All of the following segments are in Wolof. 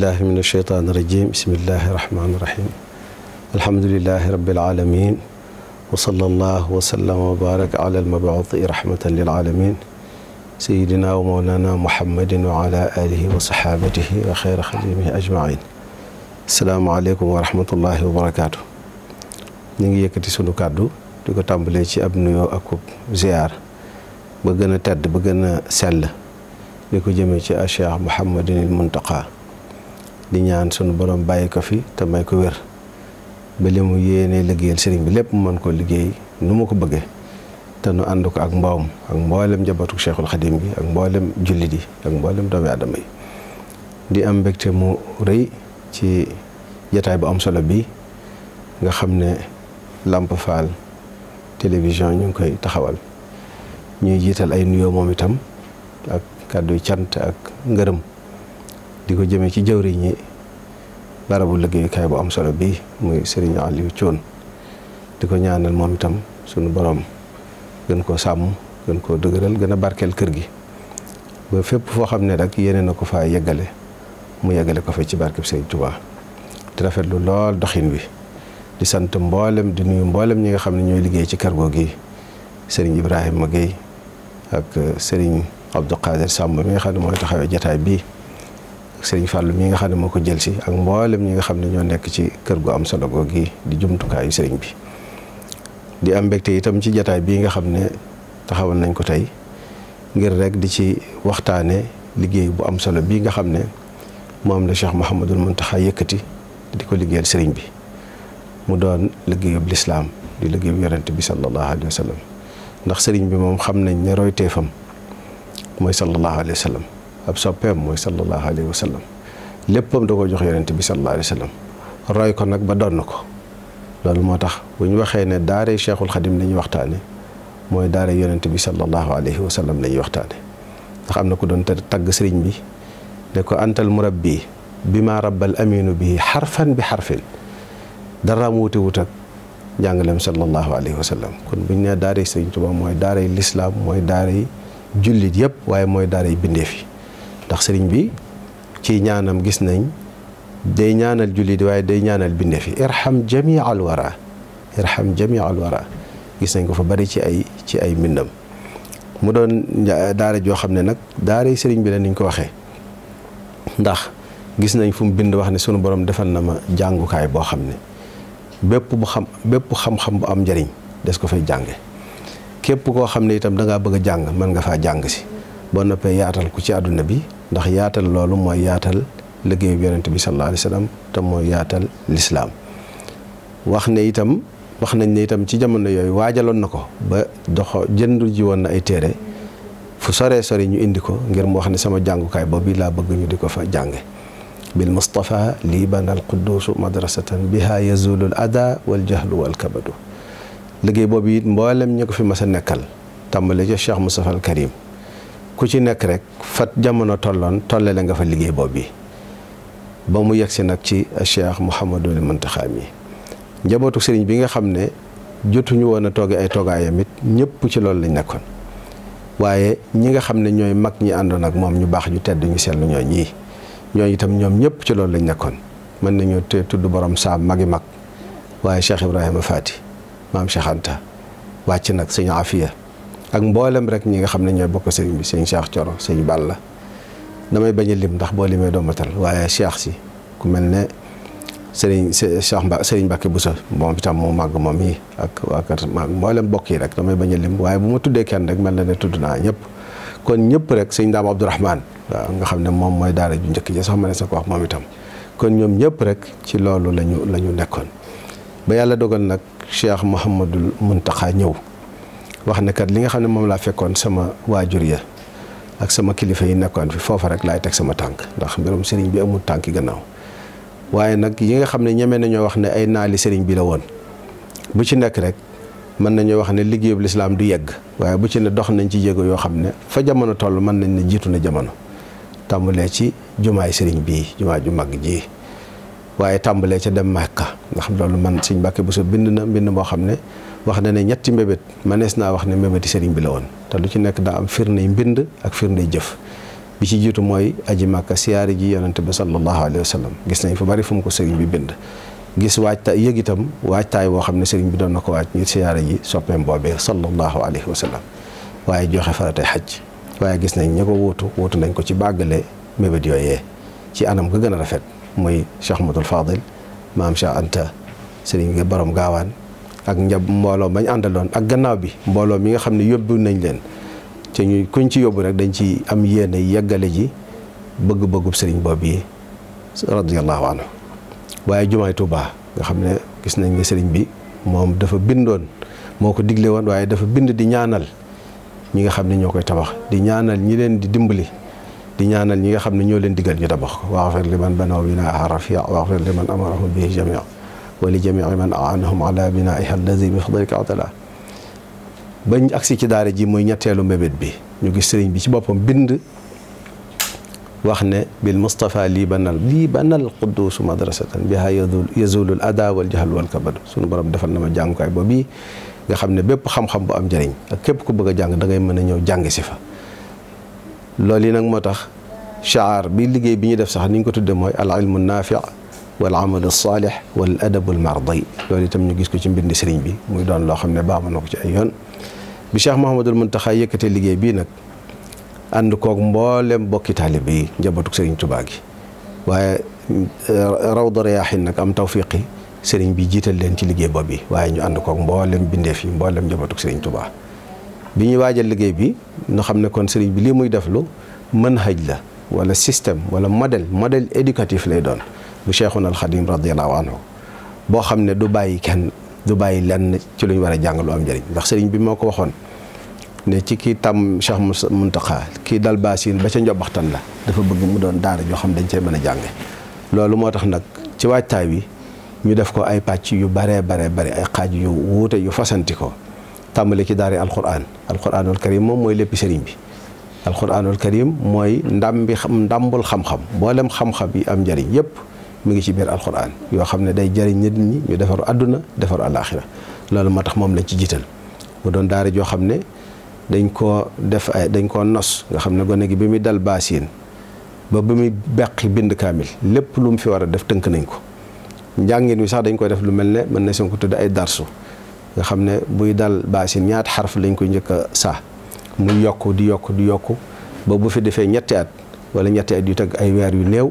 billahi min alsheytaan irajim bismillahi irrahmani irrahim alhamdulilahi rabilalamin wa sala allahu wasallama wa baraka ala almabaati rahmatan lilalamin sayidina wa mawlana muhammadin wa ala alihi wa saxaabatihi wa xeyra xadimihi ajmain asalaamaaleykum wa rahmatullahi wa barakaatu ñu ngi yëkkati sunu kàddu di ko tàmbalee ci ab nuyoo ak ziyaar ba gën a tedd ba gën a sell di ko jëmee ci Cheikh Mouhamadinil Muntaqa di ñaan sunu borom bàyyi ko fi te may ko wér ba li mu yéenee liggéeyal sëriñ bi lépp mën koo liggéey nu ma ko bëggee te nu ànd ko ak mboom ak mboolem njabootu Cheikhul Khadim bi ak mboolem jullit yi ak mboolem doomi aadama yi di am mbégte mu rëy ci jataay bu am solo bi nga xam ne Lamp Fall télévision ñu ngi koy taxawal ñuy jiital ay nuyoo moom itam ak kàddu cant ak ngërëm di ko jëmee ci jëwriñ jëwriñi barabu liggéeyukaay bu am solo bii muy Serigne Aliou Thioune di ko ñaanal moom itam sunu boroom gën koo sàmm gën koo dëgëral gën a barkeel kër gi ba fépp foo xam ne rek yeneen na ko faa yeggale mu yeggale ko fa ci barkeb Serigne Touba di rafetlu lool doxin wi di sant mboolem di nuyu mboolem ñi nga xam ne ñooy liggéey ci karbo gi sëriñ Serigne Ibrahima Guèye ak Serigne Abdou Qadir Samb mi nga xam ne mooy taxawee jataay bii. sëriñ Fallou mi nga xam ne moo ko jël si ak mboolem ñi nga xam ne ñoo nekk ci kër gu am solo googu di jumtukaayu sëriñ bi. di am mbégte itam ci jataay bii nga xam ne taxawal nañ ko tey ngir rek di ci waxtaane liggéey bu am solo bii nga xam ne moom la Cheikh Mouhamadul Mountakha yëkkati di ko liggéeyal sëriñ bi mu doon liggéeyub lislaam di liggéeyub yonent bi sallallahu alayhi wa sallam ndax sëriñ bi moom xam nañ ne royteefam mooy sallallahu alayhi wa ab soppeem mooy sallallahu alayhi wa sallam léppam da ko jox yonent bi sallallahu alayhi wa sallam roy ko nag ba donn ko loolu moo tax bu ñu waxee ne daare cheikhul xadim lañuy ñuy waxtaane mooy daare yonent bi sallallahu alayhi wa sallam la ñuy waxtaane na ko doon tagg sëriñ bi ne ko antal murabbi bi ma rabbal aminu bi xarfan bi xarfin dara mu wuti wut ak njàngaleem sallallahu alayhi kon bu nee daare sëriñ Tuubaa mooy daare lislaam mooy daare jullit yëpp waaye mooy daare bindeef yi ndax sëriñ bi ci ñaanam gis nañ day ñaanal jullit waaye day ñaanal bindéef fi irham jamii al wara irham jamii al wara gis nañ ko fa bari ci ay ci ay mbindam mu doon daara joo xam ne nag daara sëriñ bi la niñ ko waxee ndax gis nañ fu bind wax ne sunu borom defal na ma jàngukaay boo xam ne bépp bu xam bépp xam-xam bu am njariñ des ko fay jànge képp koo xam ne itam dangaa ngaa bëgg a jàng mën nga faa jàng si boo noppee yaatal ku ci àdduna bi ndax yaatal loolu mooy yaatal liggéey yonent bi sallallahu alayhi wa sallam te mooy yaatal lislaam wax ne itam wax nañ ne itam ci jamono yooyu waajaloon na ko ba dox jëndu ji woon na ay téere fu soree sori ñu indi ko ngir mu wax ne sama jàngukaay yi laa bëgg ñu di ko fa jànge bil mustafa liibana al quddus madrasatan biha yazulu al ada wal jahlu wal kabadu liggéey boobu it mboolem ñi ko fi ma sa nekkal tàmbale ca cheikh moustapha al karim ku ci nekk rek fat jamono tolloon tollale nga fa liggéey boobu bi ba mu yegsi nag ci Cheikh Mouhamadul Muntaxa mi njabootu sëriñ bi nga xam ne jotuñu woon a tooge ay toogaayam it ñëpp ci loolu lañ nekkoon waaye ñi nga xam ne ñooy mag ñi àndoon ak moom ñu baax ñu tedd ñu seetlu ñoo ñii ñooñu itam ñoom ñëpp ci loolu lañ nekkoon mën nañu te tudd borom saa magi mag waaye Cheikh Ibrahima Fati maam Cheikh wàcc nag sëñ Afiya ak mboolem rek ñi nga xam ne ñooy bokk sëriñ bi sëñ Cheikh Thioro sëñ Balla damay bañ a lim ndax boo limee doo matal waaye Cheikh si ku mel ne sëriñ Cheikh Mba sëriñ Mbacke Bousso moom itam moo màgg moom yi ak waa kër mboolem bokk yi rek damay bañ a lim waaye bu ma tuddee kenn rek mel na ne tudd naa ñëpp kon ñëpp rek sëñ Daam Abdourahman waaw nga xam ne moom mooy daara ju njëkk ji sax ma ne sa ko wax moom itam kon ñoom ñëpp rek ci loolu lañu la nekkoon ba yàlla dogal nag Cheikh Mouhamadul Mountakha ñëw wax ne kat li nga xam ne moom laa fekkoon sama waajur ya ak sama kilifa yi nekkoon fi foofa rek laay teg sama tànk ndax mbirum sëriñ bi amul tànki gannaaw waaye nag yi nga xam ne ñeme nañoo wax ne ay naali sëriñ bi la woon bu ci nekk rek mën nañoo wax ne liggéeyub lislaam du yegg waaye bu ci ne dox nañ ci jéego yoo xam ne fa jamono toll mën nañ ne jiitu na jamono tàmbalee ci jumaay sëriñ bii jumaa ju mag ji waaye tàmbalee ca dem Màkka nga xam loolu man Sëriñ Mbàkke Buso bind na mbind xam ne wax na ne ñetti mbébét manees naa wax ne mbébéti sëriñ bi la woon te lu ci nekk daa am firnde mbind ak firnde jëf bi ci jiitu mooy aji màkka siyaari ji yonent bi sallallahu alayhi wa sallam gis nañ fu bari fu mu ko sëriñ bi bind gis waajta yëg itam waajtaay boo xam ne sëriñ bi doon na ko waaj ngir siyaare ji soppeem boobee sallallahu alayhi wa sallam waaye joxe faratay xaj waaye gis nañ ña ko wóotu wóotu nañ ko ci bàggale mébét yooyee ci anam ga gën a rafet muy Cheikh Ahmadul Fadil maam Cheikh Anta sëriñ borom gaawaan ak njab mbooloo bañ àndaloon ak gannaaw bi mbooloo mi nga xam ne yóbbu nañ leen te ñu kuñ ci yóbbu rek dañ ci am yéene yeggale ji bëgg-bëggub sëriñ boobu yi radiyallahu anhu waaye jumaay Tuubaa nga xam ne gis nañ ne sëriñ bi moom dafa bindoon moo ko digle woon waaye dafa bind di ñaanal ñi nga xam ne ñoo koy tabax di ñaanal ñi leen di dimbali di ñaanal ñi nga xam ne ñoo leen digal ñu tabax ko waxfir liman banaw bi na arafia waxfir liman amarahu bihi wa li jamii man aanahum ala binaiha allazi bi fadlika atala bañ agsi ci daare ji muy ñetteelu mbébét bi ñu gis sëriñ bi ci boppam bind wax ne bil Moustapha lii banal lii banal qudduusu madrasatan biha yazulul ada wal jahal wal kabadu sunu borom defal na ma jàngukaay boobu bii nga xam ne bépp xam-xam bu am jariñ ak képp ku bëgg a jàng dangay mën a ñëw jàng si fa. loolu yi nag moo tax chaar bi liggéey bi ñu def sax ni ñu ko tuddee mooy al ilmu naafi wal amalu saalix wal adabul mardi loolu itam ñu gis ko ci mbind sëriñ bi muy doon loo xam ne baamu na ko ci ay yoon bi Cheikh Mouhamadul Muntaxa yëkkatee liggéey bii nag ànd koog mboolem bokki taalibe yi njabootu sëriñ Tuubaa gi waaye eh, rawda riyaaxin nag am tawfiqi sëriñ bi jiital leen ci liggéey boobu bi waaye ñu kook koog mboolem bindeef yi mboolem njabootu sëriñ Tuubaa bi ñuy waajal liggéey bi ñu xam ne kon sëriñ bi li muy def lu manhaj la wala système wala modèle modèle éducatif lay doon bu Cheikhuna al Xadim radiallahu anhu boo xam ne du bàyyi kenn du bàyyi lenn ci lu war a jàng lu am njëriñ ndax sëriñ bi moo ko waxoon ne ci kii tam Cheikh Muntaqa kii dal baasin ba ca njobaxtan la dafa bëgg mu doon daara joo xam dañ cee mën a jànge loolu moo tax nag ci waajtaay wi ñu def ko ay pàcc yu baree baree bari ay xaaj yu wuute yu fasanti ko tàmbali ci daara alquran alquranul karim moom mooy lépp sëriñ bi alquranul karim mooy ndam bi ndambul xam-xam mboolem xam yi am njëriñ yëpp mi ngi ci biir alxuraan yoo xam ne day jëriñ nit ñi ñu defaru àdduna defaru alaaxira loolu moo tax moom lañ ci jiital mu doon daara joo xam ne dañ koo def ay dañ ko nos nga xam ne gone gi bi muy dal baasiin ba bi muy beqi bind kaamil lépp lu mu fi war a def tënk nañ ko njàngin wi sax dañ koy def lu mel ne mën na seen ko tudd ay darsu nga xam ne buy dal baasin ñaat xarf lañ koy njëkk a saa muy yokk di yokk di yokk ba bu fi defee ñetti at wala ñetti at yu teg ay weer yu néew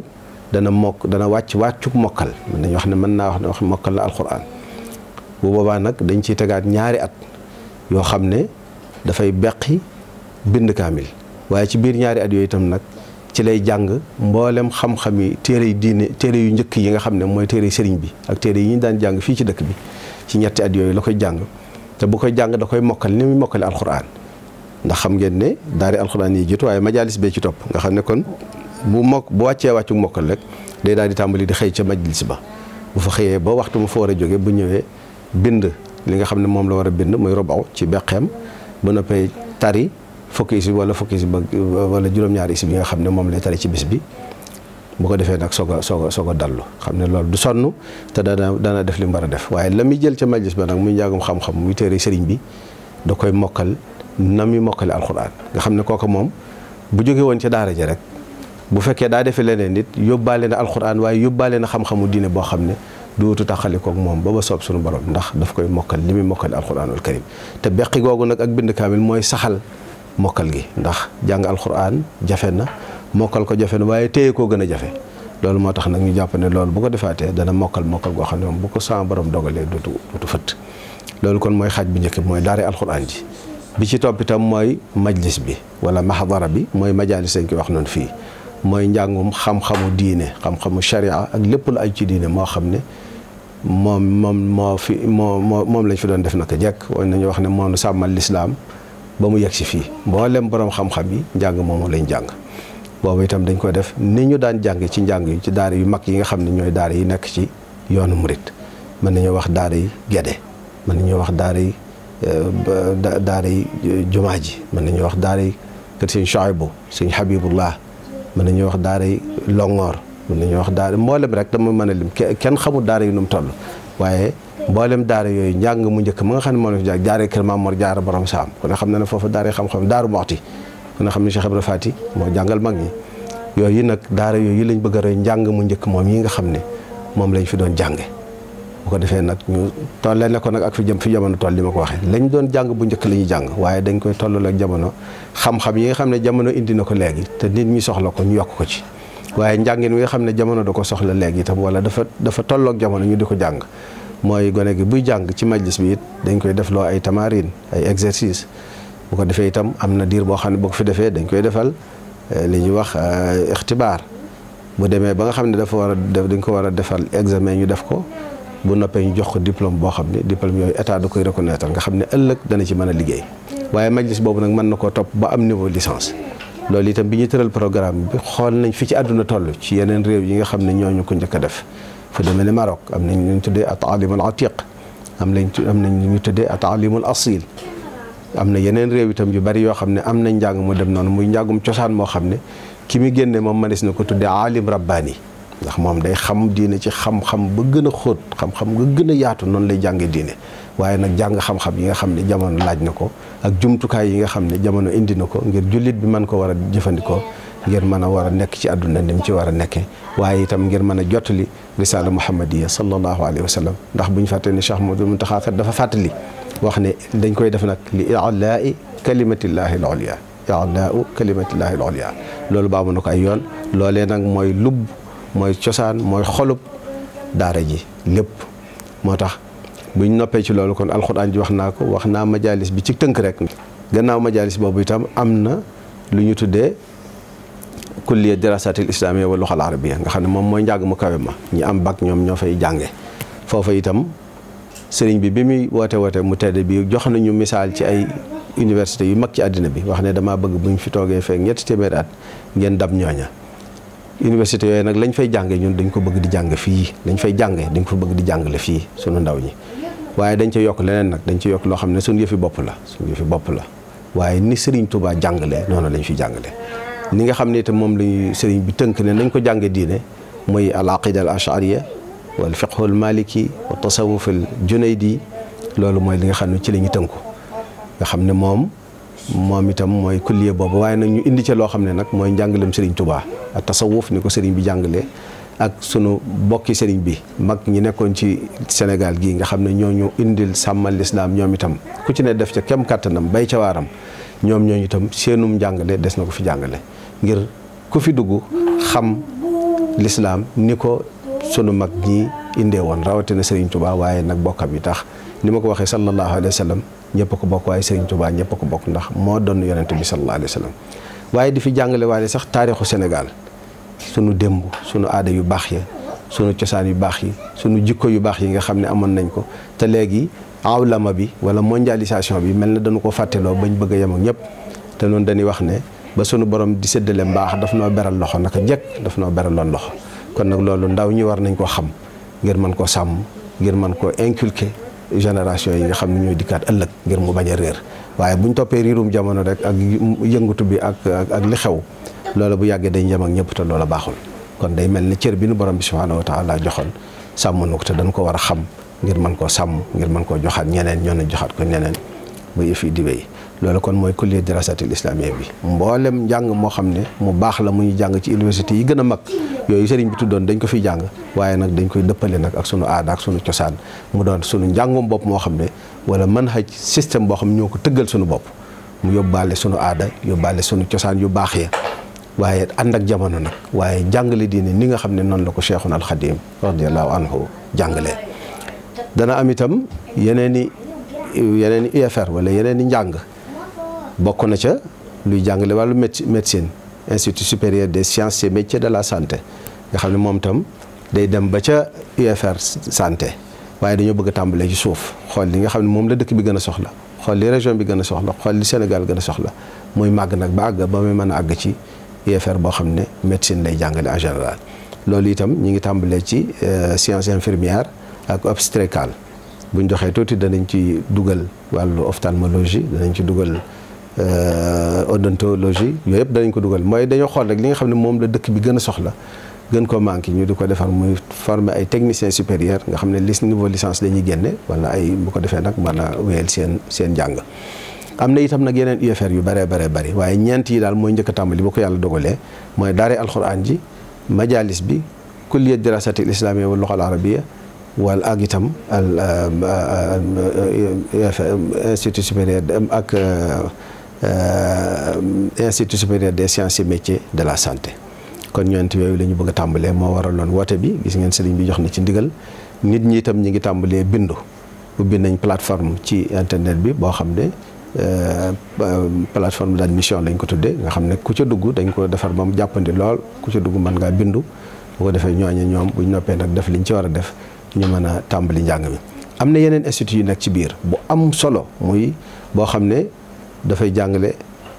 dana mokk dana wàcc wàccuk mokkal mën nañu wax ne mën naa wax ne wax mokkal na alquran bu boobaa nag dañ ciy tegaat ñaari at yoo xam ne dafay beqi bind kaamil waaye ci biir ñaari at yooyu itam nag ci lay jàng mboolem xam-xam yi téere yu téere yu njëkk yi nga xam ne mooy téere sëriñ bi ak téere yi ñu daan jàng fii ci dëkk bi ci ñetti at yooyu la koy jàng te bu koy jàng da koy mokkal ni muy mokkale alquran ndax xam ngeen ne daari alquran yi jiitu waaye majalis bee ci topp nga xam ne kon bu mokk bu wàccee wàccu mokkal rek day daal di tàmbali di xëy ca majlis ba bu fa xëyee ba waxtu mu fa war a jóge bu ñëwee bind li nga xam ne moom la war a bind muy robaw ci beqeem ba noppee tari fukki isib wala fukki isib wala juróom-ñaari isib nga xam ne moom lay tari ci bis bi bu ko defee nag soog a soog a soog a dallu xam ne loolu du sonn te dana dana def li mu war a def waaye la muy jël ca majlis ba nag muy njaagum xam-xam muy téere sëriñ bi da koy mokkal na muy mokkale alxuraan nga xam ne kooku moom bu jóge woon ca daara ja rek bu fekkee daa defee leneen nit yóbbaale na alxuraan waaye yóbbaale na xam-xamu diine boo xam ne taxali kook moom ba ba soob sunu borom ndax daf koy mokkal li muy mokkal alxuraanul karim te beqi googu nag ak bind kaamil mooy saxal mokkal gi ndax jàng alxuraan jafe na mokkal ko jafe na waaye teye koo gën a jafe loolu moo tax nag ñu jàpp ne loolu bu ko defaatee dana mokkal mokkal goo xam ne moom bu ko sama borom dogalee dootu dootu fëtt loolu kon mooy xaaj bu njëkk mooy daare alxuraan ji bi ci topp itam mooy majlis bi wala mahadara bi mooy majalis lañ koy wax noonu fii mooy njàngum xam-xamu diine xam-xamu sharia ak lépp lu aju ci diine moo xam ne moom moom moo fi moo moo moom lañ fi doon def naka jekk waaye nañu wax ne moom sàmmal lislaam ba mu yegg si fii mboolem borom xam yi njàng moomu lañ jàng boobu itam dañ koy def ni ñu daan jàng ci njàng yi ci daara yu mag yi nga xam ne ñooy daara yi nekk ci yoonu murit mën nañoo wax daara yi Gede mën nañoo wax daara yi euh, daara yi euh, jumaa ji mën nañoo wax daara yi kër sëñ Chouaïbou sëñ Habibullah mën ñuy wax daara yi longoor mën ñuy wax daara mboolem rek dama mën a lim kenn xamul daara yi nu mu toll waaye mboolem daara yooyu njàng mu njëkk ma nga xam ne moo la fi jàng daara Kër Mamor jaara xam na ne foofu daara xam daaru moxti ku ne xam ne Cheikh Ibra Fati moo jàngal mag ñi yooyu nag daara yooyu lañ bëgg a njàng mu njëkk moom yi nga xam ne moom lañ fi doon jànge bu ko defee nag ñu ne ko nag ak fi jëm fi jamono toll li ma ko waxee lañ doon jàng bu njëkk la jàng waaye dañ koy tollal ak jamono xam-xam yi nga xam ne jamono indi na ko léegi te nit ñi soxla ko ñu yokk ko ci waaye njàngin wi nga xam ne jamono da ko soxla léegi itam wala dafa dafa tolloog jamono ñu di ko jàng mooy gone gi buy jàng ci majlis bi it dañ koy def loo ay tamarin ay exercice bu ko defee itam am na diir boo xam ne boo ko fi defee dañ koy defal eh, li ñuy wax eh, ixtibaar bu demee ba nga xam ne dafa war a def dañ ko war a defal examen ñu def ko bu noppee ñu jox ko diplôme boo xam ne diplôme yooyu état da koy reconnaître nga xam ne ëllëg dana ci mën a liggéey waaye majlis boobu nag mën na koo topp ba am niveau licence loolu itam bi ñu tëral programme bi xool nañ fi ci àdduna toll ci yeneen réew yi nga xam ne ñooñu ko njëkk def ne Maroc am nañ lu ñu tuddee ataalimul atiq am nañ am nañ lu ñu tuddee ataalimul asil am na yeneen réew itam yu bari yoo xam ne am nañ njàng mu dem noonu muy njàngum cosaan moo xam ne ki mu génne moom mënees na ko tuddee aalim rabbaani ndax moom day xam diine ci xam-xam ba gën a xóot xam-xam nga gën a yaatu noonu lay jànge diine waaye nag jàng xam-xam yi nga xam ne jamono laaj na ko ak jumtukaay yi nga xam ne jamono indi na ko ngir jullit bi man ko war a jëfandikoo ngir mën a war a nekk ci àdduna ni mu ci war a nekkee waaye itam ngir mën a jottali risaala muhammadiya sallallahu alayhi wa sallam ndax bu ñu fàtte ne Cheikh Mouhamadou Mountakha kat dafa fàttali wax ne dañ koy def nag li ilaai kalimatillahi al ulia ilaau kalimatillahi al ulia loolu baamu na ko ay yoon mooy cosaan mooy xolub daara ji lépp moo tax buñ noppee ci loolu kon alxuraan ji wax naa ko wax naa majalis bi ci tënk rek gannaaw majalis boobu itam am na lu ñu tuddee kulliya dirasatil islamiyya wa luxal arabiyya nga xam ne moom mooy njàng mu kawe ma ñi am bac ñoom ñoo fay jànge foofa itam sëriñ bi bi muy woote woote mu tedd bi jox nañu misaal ci ay université yu mag ci àddina bi wax ne dama bëgg bu buñ fi toogee feek ñetti téeméer at ngeen dab ñooña université yooyu nag lañ fay jànge ñun dañ ko bëgg di jàng fii lañ fay jànge dañ ko bëgg di jàngale fii sunu ndaw ñi waaye dañ ca yokk leneen nag dañ ca yokk loo xam ne sunu yëfi bopp la sunu yëfi bopp la waaye ni Serigne Touba jàngale noonu lañ fi jàngale ni nga xam ne itam moom lañu Serigne bi tënk ne nañ ko jànge diine mooy al aqida al ashariya wal fiqhu al maliki wa tasawuf al junaydi loolu mooy li nga xam ne ci lañuy ñu tënku nga xam ne moom moom itam mooy kulliye boobu waaye nag ñu indi ca loo xam ne nag mooy njàngalem Serigne Touba ak tasawuf ni ko Serigne bi jàngalee ak sunu bokki sëriñ bi mag ñi nekkoon ci Sénégal gii nga xam ne ñoo ñu indil sàmmal lislaam ñoom itam ku ci def ca kem kàttanam bay ca waaram ñoom ñooñu itam seenum njàngale des na ko fi jàngale ngir ku fi dugg xam lislaam ni ko sunu mag ñi indee woon rawatina Serigne tubaa waaye nag bokkam yi tax ni ma ko waxee sallallahu alayhi wa ñëpp ko bokk waaye Serigne Touba ñëpp ko bokk ndax moo doon yonent bi sallallahu alayhi wa sallam waaye di fi jàngale waale sax taarixu Sénégal sunu démb sunu aada yu baax ya sunu cosaan yu baax yi sunu jikko yu baax yi nga xam ne amoon nañ ko te léegi awlama bi wala mondialisation bi mel na dañu ko fàtteloo bañ bëgg a yem ak ñëpp te noonu dañuy wax ne ba sunu borom di séddale mbaax daf noo beral loxo naka njëkk daf noo beraloon loxo kon nag loolu ndaw ñi war nañ koo xam ngir mën koo sàmm ngir mën koo inculquer génération yi nga xam ne ñooy dikkaat ëllëg ngir mu bañ a réer waaye buñ toppee riirum jamono rek ak yëngatu bi ak ak li xew loola bu yàggee dañ yem ak ñëpp te loola baaxul kon day mel ni cër bi nu borom bi subhaanahu wa joxoon sàmm nu ko te dañ ko war a xam ngir mën koo sàmm ngir mën koo joxaat ñeneen ñoo ne joxaat ko ñeneen ba yëf yi di wéy loolu kon mooy kulliya dirasatil islamiyya bi mboolem njàng moo xam ne mu baax la mu ñu jàng ci université yi gën a mag yooyu sëriñ bi tuddoon dañ ko fiy jàng waaye nag dañ koy dëppale nag ak sunu aada ak sunu cosaan mu doon sunu njàngum bopp moo xam ne wala manhaj système boo xam ne ñoo ko tëggal sunu bopp mu yóbbaale sunu aada yóbbaale sunu cosaan yu baaxee waaye ànd ak jamono nag waaye jàngale diine ni nga xam ne noonu la ko Cheikhuna al Xadim radiallahu anhu jàngalee dana am itam yeneen i yeneen i UFR wala yeneen i njàng bokk na ca luy jàngale wàllu médecine institut supérieur des sciences et métiers de la santé nga xam ne moom tam day dem ba ca UFR santé waaye dañoo bëgg tàmbalee ci suuf xool li nga xam ne moom la dëkk bi gën a soxla xool li région bi gën a soxla xool li Sénégal gën a soxla muy màgg nag ba àgg ba muy mën a àgg ci UFR boo xam ne médecine lay jàngale en général. loolu itam ñu ngi tàmbalee ci euh, science infirmière ak obstétricale buñ doxee tuuti danañ ci dugal wàllu ophtalmologie danañ ci dugal. Euh, odontologie yooyu yëpp danañ ko dugal mooy dañoo xool rek li nga xam ne moom la dëkk bi gën a soxla gën ko manqué ñu di ko defar muy former ay technicien supérieur nga xam ne lis niveau licence dañuy génne wala ay bu ko defee nag man a wéyal seen seen jàng am na itam nag yeneen UFR yu bëree bëree bari waaye ñeent yi daal mooy njëkk tàmbali ba ko yàlla dogalee mooy daare alxuraan ji majalis bi kulliyat dirasati al islamiyya wal lughal arabiyya walla ak itam al euh, euh, institut supérieur ak Euh, institut supérieur de sciences et métiers de la santé kon ñoent yooyu la ñu bëgg a tàmbalee moo waraloon woote bi gis ngeen sëriñ bi jox na ci ndigal nit ñi itam ñi ngi tàmbalee bindu ubbi nañ plateforme ci internet bi boo xam ne euh, euh, plateforme d'admission lañ ko tuddee nga xam ne ku ca dugg dañ ko defar ba mu jàppandi lool ku ca dugg mën ngaa bindu bu ko defee ñooñu ñoom bu ñu noppee nag def liñ ci war a def ñu mën a tàmbali njàng mi. am na yeneen institut yu nekk ci biir bu am solo xam ne dafay jàngale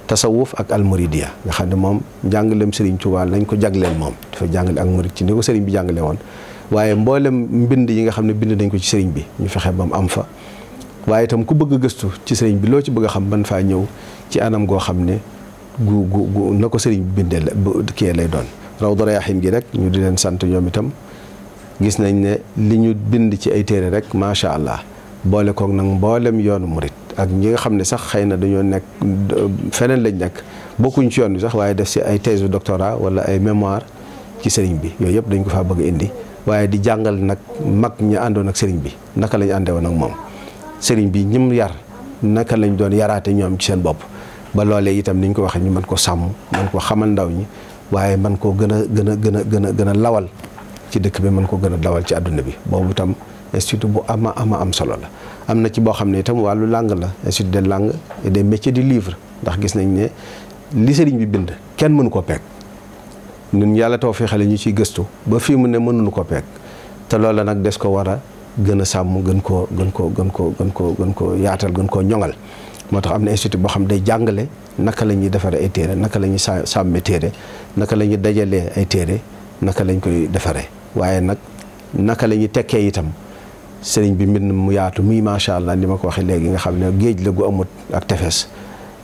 tasawuf ak almuridiya nga xam ne moom njàngaleem Serigne Touba lañ ko jagleel moom dafay jàngale ak murid ci ni ko Serigne bi woon waaye mboolem mbind yi nga xam ne bind nañ ko ci Serigne bi ñu fexe ba mu am fa waaye itam ku bëgg gëstu ci Serigne bi loo ci bëgg xam man faa ñëw ci anam goo xam ne gu gu gu na ko Serigne bi bindee la kii lay doon Rawdu Rayaahiin gi rek ñu di leen sant ñoom itam gis nañ ne li ñu bind ci ay téere rek macha allah boole kook nag mboolem yoonu murit ak ñi nga xam ne sax xëy na dañoo nekk feneen lañ nekk bokkuñ ci yoon bi sax waaye def si ay thèse doctorat wala ay mémoire ci sëriñ bi yooyu yëpp dañ ko fa bëgg indi waaye di jàngal nag mag ñi àndoon ak sëriñ bi naka lañu àndee woon ak moom sëriñ bi ñim yar naka lañ doon yaraate ñoom ci seen bopp ba loolee itam ni ñu ko waxee ñu mën ko sàmm mën ko xamal ndaw ñi waaye man koo gën a gën a gën a gën a gën a lawal ci dëkk bi mën ko gën a lawal ci àdduna bi boobu tam institut bu ama ama am solo la am na ci boo xam ne itam wàllu làng la institut de langues et des métiers du livre ndax gis nañ ne li sëriñ bi bind kenn mënu koo peeg nun yàlla taw fii xale ñu ciy gëstu ba fii mu ne mënulu ko peeg te loola nag des ko war gën a sàmm gën koo gën koo gën koo gën koo gën koo yaatal gën koo ñoŋal moo tax am na institut boo xam day jàngale naka la ñuy defaree ay téere naka la ñuy sa sàmmee téere naka la ñuy dajalee ay téere naka lañ koy defaree waaye nag naka la tekkee itam sëriñ bi mbind mu yaatu muy macha allah li ma ko waxee léegi nga xam ne géej la gu amut ak tefes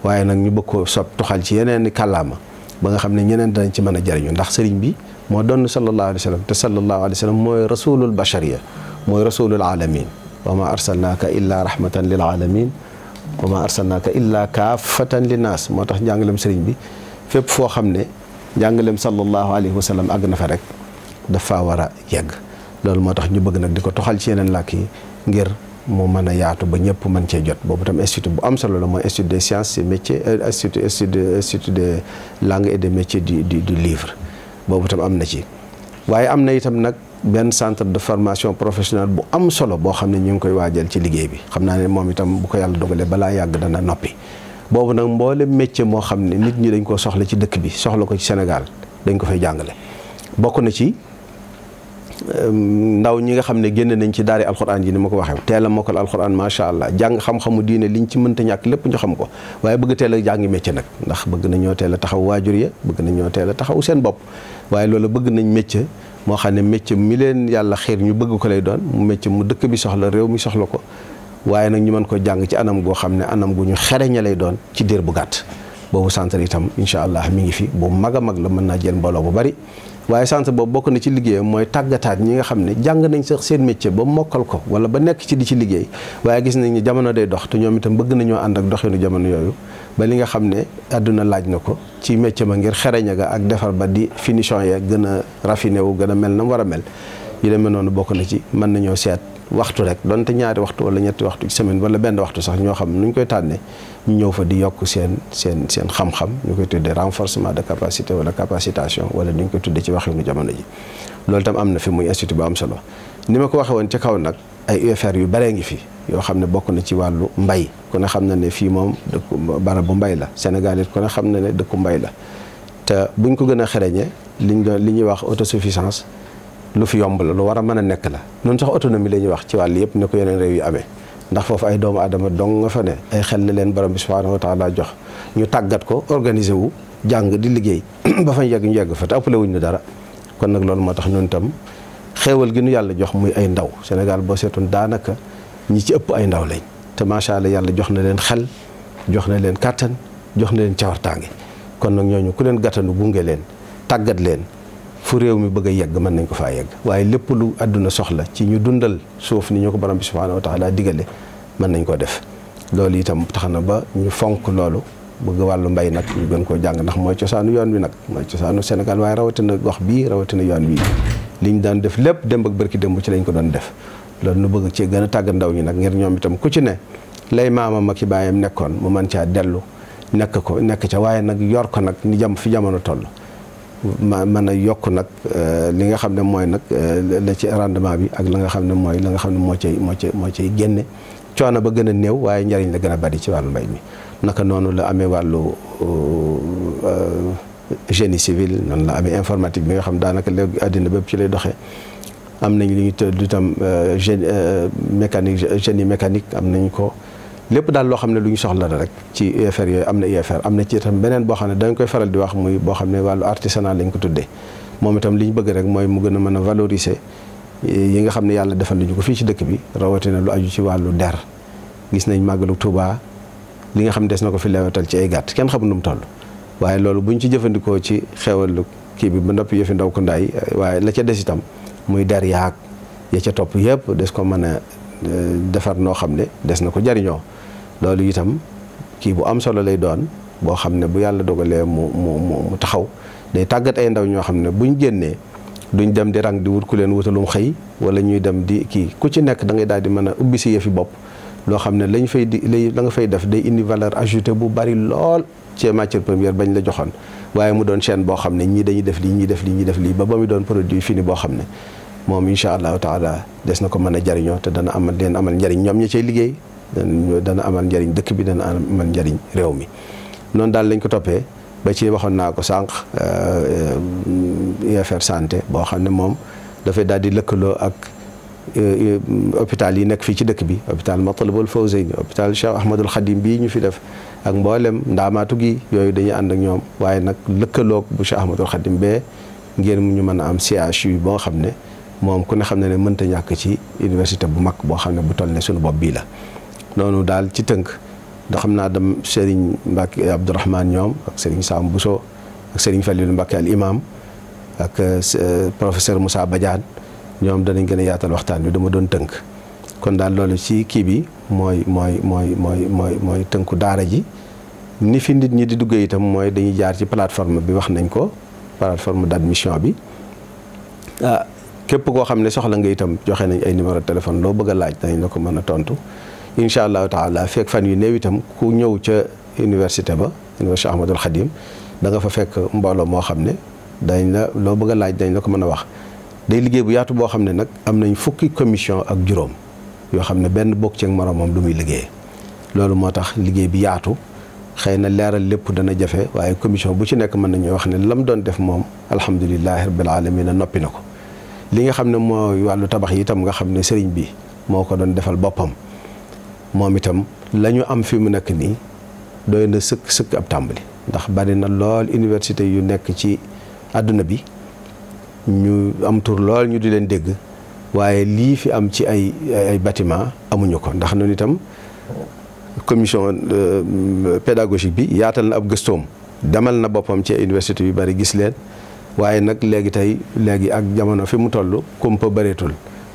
waaye nag ñu bëgg ko sob toxal ci yeneen i kàllaama ba nga xam ne ñeneen danañ ci mën a jariñu ndax sëriñ bi moo doon sallallahu alayhi wa sallam te sallallahu alayhi wa sallam mooy rasulul bashariya mooy rasulul alamin wa ma arsalnaaka illa rahmatan lil alamin wa ma arsalnaaka illa kaafatan linnaas moo tax njàngalem sëriñ bi fépp foo xam ne njàngalem sallallahu alayhi wa sallam àgg na fa rek dafa war a yegg loolu moo tax ñu bëgg nag di ko toxal ci yeneen làkk yi ngir mu mën a yaatu ba ñëpp mën cee jot boobu tam institut bu am solo la mooy institut des sciences et métiers euh, institut institut des langues et des métiers du du livre boobu tam am na ci waaye am na itam nag benn centre de formation professionale bu am solo boo xam ne ñu ngi koy waajal ci liggéey bi xam naa ne moom itam bu ko yàlla dogalee balaa yàgg dana noppi boobu nag mboolem métier moo xam ne nit ñi dañ ko soxla ci dëkk bi soxla ko ci Sénégal dañ ko fay jàngale ndaw ñi nga xam ne génn nañ ci daari alxuraan yi ni ma ko waxee teel a mokkal alxuraan macha allah jàng xam-xamu diine liñ ci mënta ñàkk lépp ñu xam ko waaye bëgg teel a jàngi métier nag ndax nañoo teel a taxaw waajur ya bëgg nañoo teel taxaw seen bopp waaye loolu bëgg nañ métier moo xam ne métier mi leen yàlla xeer ñu bëgg ko lay doon métier mu dëkk bi soxla réew mi soxla ko waaye nag ñu mën ko jàng ci anam goo xam ne anam gu ñu xereña lay doon ci diir bu gàtt boobu centre itam incha allah mi ngi fi bu mag a mag la mën naa jël mbooloo bu bari waaye centre boobu bokk na ci liggéeyam mooy tàggataat ñi nga xam ne jàng nañ sax seen métier ba mokkal ko wala ba nekk ci di ci liggéey waaye gis nañ ni jamono day dox te ñoom itam bëgg nañoo ànd ak doxinu jamono yooyu ba li nga xam ne àdduna laaj na ko ci métier ma ngir xereñ ga ak defar ba di finition ya gën a raffiné wu gën a mel na war a mel yu demee noonu bokk na ci mën nañoo seet waxtu rek donte ñaari waxtu wala ñetti waxtu ci semaine wala benn waxtu sax ñoo xam nu ñu koy tànnee ñu ñëw fa di yokk seen seen seen xam-xam ñu koy tuddee renforcement de capacité wala capacitation wala ni ñu koy tuddee ci waxinu jamono ji. loolu itam am na fi muy institut bu am solo ni ma ko waxee woon ci kaw nag ay UFR yu baree ngi fi yoo xam ne bokk na ci wàllu mbay ku ne xam na ne fii moom dëkku barab bu mbay la Sénégal it ku ne xam na ne dëkku mbay la te buñ ko gën a xereñee liñ doon li ñuy wax autosuffisance. lu fi yomb la lu war a mën a nekk la noonu sax autonomie la ñuy wax ci wàll yëpp ni ko yeneen réew yi amee ndax foofu ay doomu adama dong nga fa ne ay xel la leen borom bi subhaanahu wa taala jox ñu tàggat ko organiser wu jàng di liggéey ba fañ njeg ñu yegg fa te ëppale wuñ ñu dara kon nag loolu moo tax ñun tam xéewal gi nu yàlla jox muy ay ndaw Sénégal boo seetoon daanaka ñi ci ëpp ay ndaw lañ te macha allah yàlla jox na leen xel jox na leen kàttan jox na leen cawartaange kon nag ñooñu ku leen gàttanu gunge leen tàggat leen fu réew mi bëgg a yegg mën nañ ko faa yegg waaye lépp lu àdduna soxla ci ñu dundal suuf ni ñu ko borom bi subhaanahu wa taala digale mën nañ koo def loolu itam tax na ba ñu fonk loolu bëgg wàllu mbay nag ñu gën koo jàng ndax mooy cosaanu yoon wi nag mooy cosaanu Sénégal waaye rawatina gox bii rawatina yoon wi li ñu daan def lépp dem ak barki démb ci lañ ko doon def loolu nu bëgg cee gën a tàggat ndaw ñi nag ngir ñoom itam ku ci ne lay maamam ma i baayam nekkoon mu mën caa dellu nekk ko nekk ca waaye nag yor ko nag ni jam fi jamono toll ma mën a yokk nag euh, li nga xam ne mooy nag euh, la ci rendement bi ak la nga xam ne mooy la nga xam ne moo cay moo cay moo cay génne coono ba gën a néew waaye njariñ la gën a bari ci wàllu mbay mi naka noonu la amee wàllu euh, génie civil noonu la amee informatique bi nga xam daanaka léegi àddina bépp ci lay doxe am nañ li ñu tudd itam génie mécanique génie mécanique am nañ ko lépp daal loo xam ne lu ñu soxla la rek ci UFR e yooyu am na UFR e am na ci itam beneen boo xam ne dañ koy faral di wax muy boo xam ne wàllu artisana lañ ko tuddee moom itam li ñu bëgg rek mooy mu gën a mën a valoriser eh, yi nga xam ne yàlla defal nañu ko fii ci dëkk bi rawatina lu aju ci wàllu der gis nañ màggalu Touba li nga xam ne des na ko fi lewetal ci ay gàtt kenn xamu nu mu toll waaye loolu buñ ci jëfandikoo ci xewalu kii bi ba noppi yëfi ndaw ko ndaay eh, waaye la ca des itam muy der yaag ya ca topp yëpp des ko mën a eh, defar noo xam ne des na ko jariñoo loolu itam kii bu am solo lay doon boo xam ne bu yàlla dogalee mu mu mu taxaw day tàggat ay ndaw ñoo xam ne buñ génnee duñ dem di rang di wut ku leen wutalum xëy wala ñuy dem di kii ku ci nekk da ngay daal di mën a ubbi si yëfi bopp loo xam ne lañ fay di la nga fay def day indi valeur ajoutée bu bari lool ci matière première bañ la joxoon waaye mu doon chaîne boo xam ne ñii dañuy def lii ñii def lii ñii def lii ba ba mu doon produit fini boo xam ne moom incha allahu taala des na ko mën a jariñoo te dana amal leen amal njariñ ñoom ñi cay liggéey dana amal njariñ dëkk bi dana amal njariñ réew mi noon daal lañ ko toppee ba ci waxoon naa ko sànq UFR euh, santé boo xam ne moom dafay daal di lëkkaloo ak euh, hôpital yi nekk fii ci dëkk bi hôpital Matlabul Fawzayni hôpital Cheikh Ahmadul Khadim bii ñu fi def ak mboolem ndaamaatu gi yooyu dañuy ànd ak ñoom waaye nag lëkkaloog bu Cheikh Ahmadul Khadim bee ngir ñu mën a am CHU boo xam ne moom ku ne xam ne ne mënta ñàkk ci université bu mag boo xam ne bu toll ne suñu bopp bii la noonu daal ci tënk da xam naa dem Serigne Mbacke Abdourahmane ñoom ak Serigne Sam Bousso ak Serigne Falilou Mbacke al ak euh, professeur Moussa Badiane ñoom danañ gën a yaatal waxtaan bi dama doon tënk kon daal loolu ci kii bi mooy mooy mooy mooy mooy mooy tënku daara ji ni fi nit ñi di duggee itam mooy dañuy jaar ci plateforme bi wax nañ ko plateforme mission bi ah képp koo xam ne soxla nga itam joxe nañ ay numéro téléphone loo bëgg a laaj dañ la ko mën a tontu incha allahu taala fekk fan yu new itam ku ñëw ca université ba université Ahmadul Khadim da nga fa fekk mbooloo moo xam ne dañ la loo bëgg laaj dañ la ko mën a wax. day liggéey bu yaatu boo xam ne nag am nañ fukki commission ak juróom yoo xam ne benn bokk ci moroomam lu muy liggéey loolu moo tax liggéey bi yaatu. xëy na leeral lépp dana jafe waaye commission bu ci nekk mën nañu wax ne lam doon def moom alhamdulilahi rabbil alamin noppi na ko li nga xam ne mooy wàllu tabax yi itam nga xam ne sëriñ bi moo ko doon defal boppam moom itam la ñu am fi mu nekk nii doy na sëkk sëkk ab tàmbali ndax bari na lool université yu nekk ci àdduna bi ñu am tur lool ñu di leen dégg waaye lii fi am ci ay ay bâtiment amuñu ko ndax noonu itam commission euh, pédagogique bi yaatal na ab gëstoom demal na boppam ci université yu bari gis leen waaye nag léegi tey léegi ak jamono fi mu toll kumpa bareetul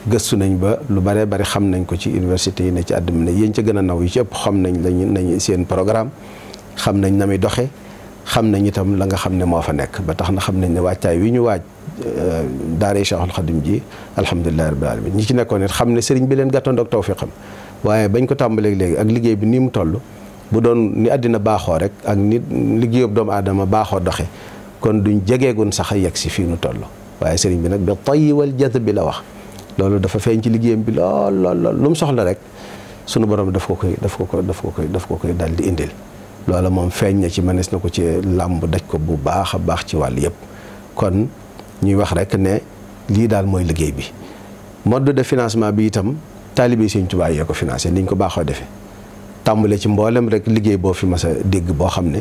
gëstu nañ ba lu baree bari xam nañ ko ci université yi ne ci àdduna ne yéen ca gën a naw yi ci ëpp xam nañ lañu nañ seen programme xam nañ na muy doxe xam nañ itam la nga xam ne moo fa nekk ba tax na xam nañ ne wàccaay wi ñu waaj euh, daaree Cheikhul Khadim ji alhamdulilah rabbil alamin ñi ci nekkoon nit xam ne sëriñ bi leen gàttandoog tawfiqam waaye bañ ko tàmbalee léegi ak liggéey bi ni mu toll bu doon ni àddina baaxoo rek ak ni liggéeyub doomu aadama baaxoo doxe kon duñ jegeegun sax a yegg si fii nu toll waaye sëriñ bi nag bi tayi wal jazb bi la wax loolu dafa feeñ ci liggéeyam bi lool lool lool soxla rek sunu borom daf ko koy daf ko koy daf ko koy daf ko koy dal di indil loola moom feeñ na ci mënees na ko ci làmb daj ko bu baax a baax ci wàll yëpp kon ñuy wax rek ne lii daal mooy liggéey bi mode de financement bi itam taalibe Sëñ Tuubaa yee ko financé niñ ko baaxoo defee tàmbale ci mboolem rek liggéey boo fi mas a dégg boo xam ne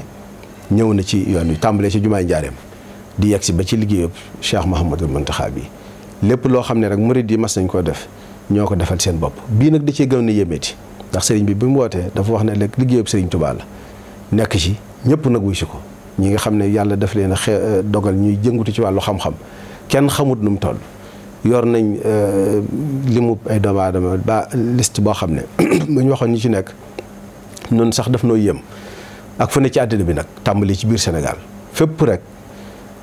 ñëw na ci yoon wi tàmbale ci jumaay njaareem di yegg si ba ci liggéeyub Cheikh Mouhamadul Mountakha bi lépp loo xam ne rek murid yi mas nañ koo def ñoo ko defal seen bopp bii nag da cee gën a yémeeti ndax sëriñ bi bi mu wootee dafa wax ne léegi liggéeyub sëriñ Tuubaa la nekk ci ñëpp nag wuy si ko ñi ngi xam ne yàlla daf leen a euh, dogal ñuy jëngutu ci wàllu xam-xam kenn xamut nu mu toll yor nañ euh, limu ay doomu aadama ba list boo xam ne bu ñu waxoon ñu ci nekk noonu sax daf noo yéem ak fu ne ci àddina bi nag tàmbali ci biir Sénégal fépp rek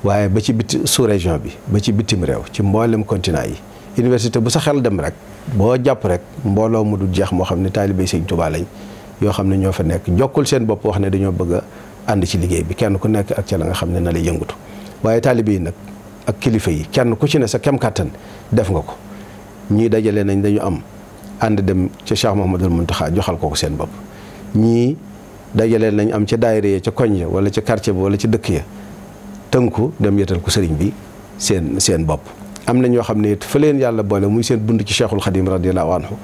waaye ba ci biti sous région bi ba ci bitim réew ci mboolem continent yi université bu sa xel dem rek boo jàpp rek mbooloo mu dul jeex moo xam ne taalibe Sëñ Tuubaa lañ yoo xam ne ñoo fa nekk jokkul seen bopp wax ne dañoo bëgg a ànd liggéey bi kenn ku nekk ak ca la nga xam ne na lay yëngatu waaye taalibe yi nag ak kilifa yi kenn ku ci ne sa kem kàttan def nga ko ñii dajale nañ dañu am ànd dem ca Cheikh Mouhamadul Mountakha joxal ko ko seen bopp ñii dajale nañ am ca daayira ya ca koñ ya wala ca quartier ba wala ci dëkk ya tënku dem yetal ko sëriñ bi seen seen bopp. am na ñoo xam ne it fa leen yàlla boole muy seen bunt ci cheikhul xadim radiallahu anhu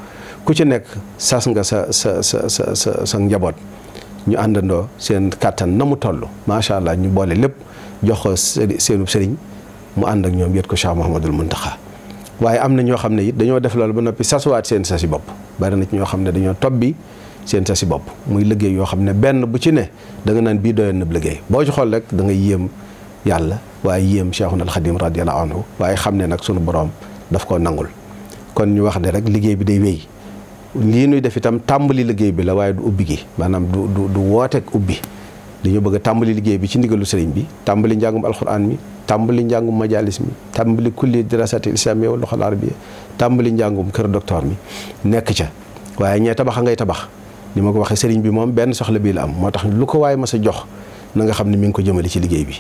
ku ci nekk sas nga sa sa sa sa sa sa njaboot ñu àndandoo seen kàttan na mu toll macha allah ñu boole lépp jox ko seenub sëriñ mu ànd ak ñoom yet ko Cheikh Mouhamadul Muntaxa waaye am na ñoo xam ne it dañoo def loolu ba noppi sasuwaat seen sasi bopp bari na ci ñoo xam ne dañoo tobbi seen sasi bopp muy liggéey yoo xam ne benn bu ci ne da nga naan bii doyoon na liggéey boo ci xool rek yàlla waaye yéem Cheikhuna al Xadim radiyallahu anhu waaye xam ne nag sunu boroom daf koo nangul kon ñu wax ne rek liggéey bi day wéy lii nuy def itam tàmbali liggéey bi la waaye du ubbi gi maanaam du du du wooteeg ubbi dañoo bëgg tàmbali liggéey bi ci ndigalu sëriñ bi tàmbali njàngum alxuraan mi tàmbali njàngum majalis mi tàmbali kulli dirasati islamiyya loxo luxal arabiyya tàmbali njàngum kër docteur bi nekk ca waaye ñee tabaxa ngay tabax ni ma ko waxee sëriñ bi moom benn soxla bii la am moo tax lu ko waaye mas a jox na nga xam ne mi ngi ko jëmale ci liggéey bi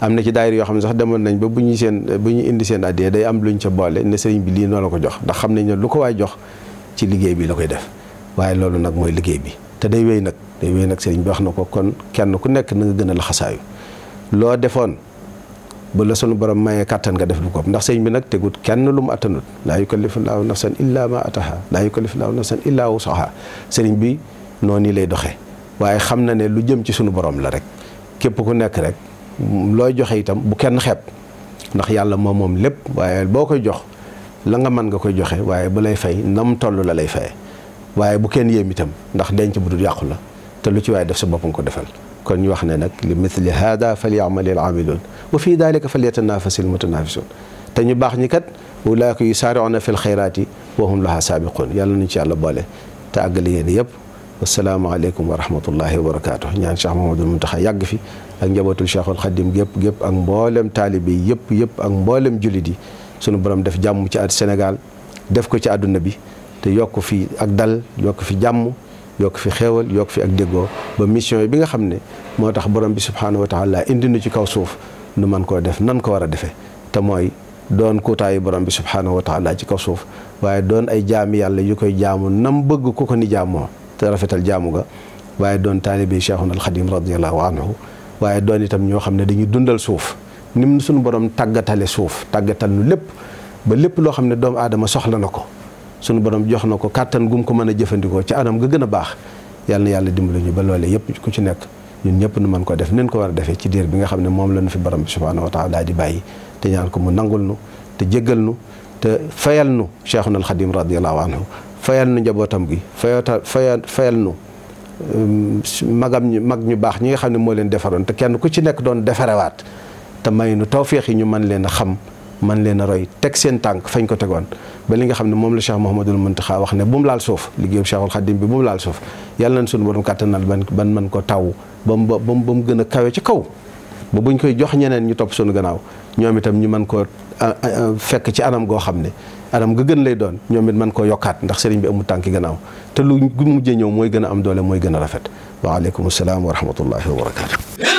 am na ci daayira yoo xam ne sax demoon nañ ba bu ñu seen bu ñu indi seen addiyee day am ñu sa boole ne sëriñ bi lii noo la ko jox ndax xam nañ ne lu ko waay jox ci liggéey bi la koy def waaye loolu nag mooy liggéey bi te day wéy nag day wéy nag sëriñ bi na ko kon kenn ku nekk na nga laxasaayu loo defoon ba la sunu borom mayee kàttan nga def lu ko ndax sëriñ bi nag tegut kenn lu mu attanut laa yukallifu laahu nafsan illaa ma ataha laa yukallifu laahu nafsan illaa wusaha sëriñ bi noonu lay doxe waaye xam na ne lu jëm ci sunu borom la rek képp ku nekk rek looy joxe itam bu kenn xeeb ndax yàlla moom moom lépp waaye boo koy jox la nga mën nga koy joxe waaye bu lay fay nam toll la lay faye waaye bu kenn yéem itam ndax denc bu du yàqu la te lu ci waaye def sa boppa nga ko defal kon ñu wax ne nag li mithli hada falyamali a amilun wa fii dalika falyatanafasi al mutanafisun te ñu baax ñi kat ulaaka na fi l xayraati wa hum laha saabiqun yàlla nañu ci yàlla boole te àggale yéen yëpp wasalaamaaleykum wa rahmatullahi wa barakaatu ñaan Cheikh Mahamadul Muntaxa yàgg fi ak njabootul Cheikhul Khadim gépp gépp ak mboolem taalibe yëpp yëpp ak mboolem jullit yi sunu borom def jàmm ci at Sénégal def ko ci àdduna bi te yokk fi ak dal yokk fi jàmm yokk fi xewal yokk fi ak déggoo ba mission bi nga xam ne moo tax borom bi subhaanahu wa taala indi nu ci kaw suuf nu man koo def nan ko war a defee te mooy doon kuutaayu borom bi subhaanahu wa taala ci kaw suuf waaye doon ay jaam yàlla yu koy jaamu nam bëgg ku ko ni jaamoo te rafetal jaamu ga waaye doon taalibi cheikhuna alxadim radiallahu anhu waaye doon itam ñoo xam ne dañuy dundal suuf ni mu suñu borom tàggatale suuf tàggatal nu lépp ba lépp loo xam ne doom aadama soxla na ko sunu borom jox na ko kàttan gum ko mën a jëfandikoo ci anam ga gën a baax yàlla na yàlla dimbali ñu ba loole yëpp ku ci nekk ñun ñëpp nu mën ko def nin ko war a defee ci diir bi nga xam ne moom la nu fi borom bi subhaanahu wa taala di bàyyi te ñaan ko mu nangul nu te jéggal nu te fayal nu cheikhuna al xadim radiallahu anhu fayal nu njabootam gi fayota fayal fayal nu Ehm, magam ñu mag ñu baax ñi nga xam ne moo leen defaroon te kenn ku ci nekk doon defarewaat te may nu tawféex yi ñu mën leen a xam man leen a roy teg seen tànk fañ ko tegoon ba li nga xam ne moom la Cheikh Mouhamadul Mountakha wax ne bu mu laal suuf liggéeyu Cheikhul Khadim bi bu mu laal suuf yàlla nañ suñu borom kàttanal ban ban mën ko taw ba mu ba mu gën a kawe ci kaw ba bu buñ koy jox ñeneen ñu topp suñu gannaaw ñoom itam ñu mën ko fekk ci anam goo xam ne anam nga gën lay doon ñoom it man koo yokkaat ndax sëriñ bi amul tànki gannaaw te lu mujjee ñëw mooy gën a am doole mooy gën a rafet waaleykum salaam wa rahmatullahi wa barakaatu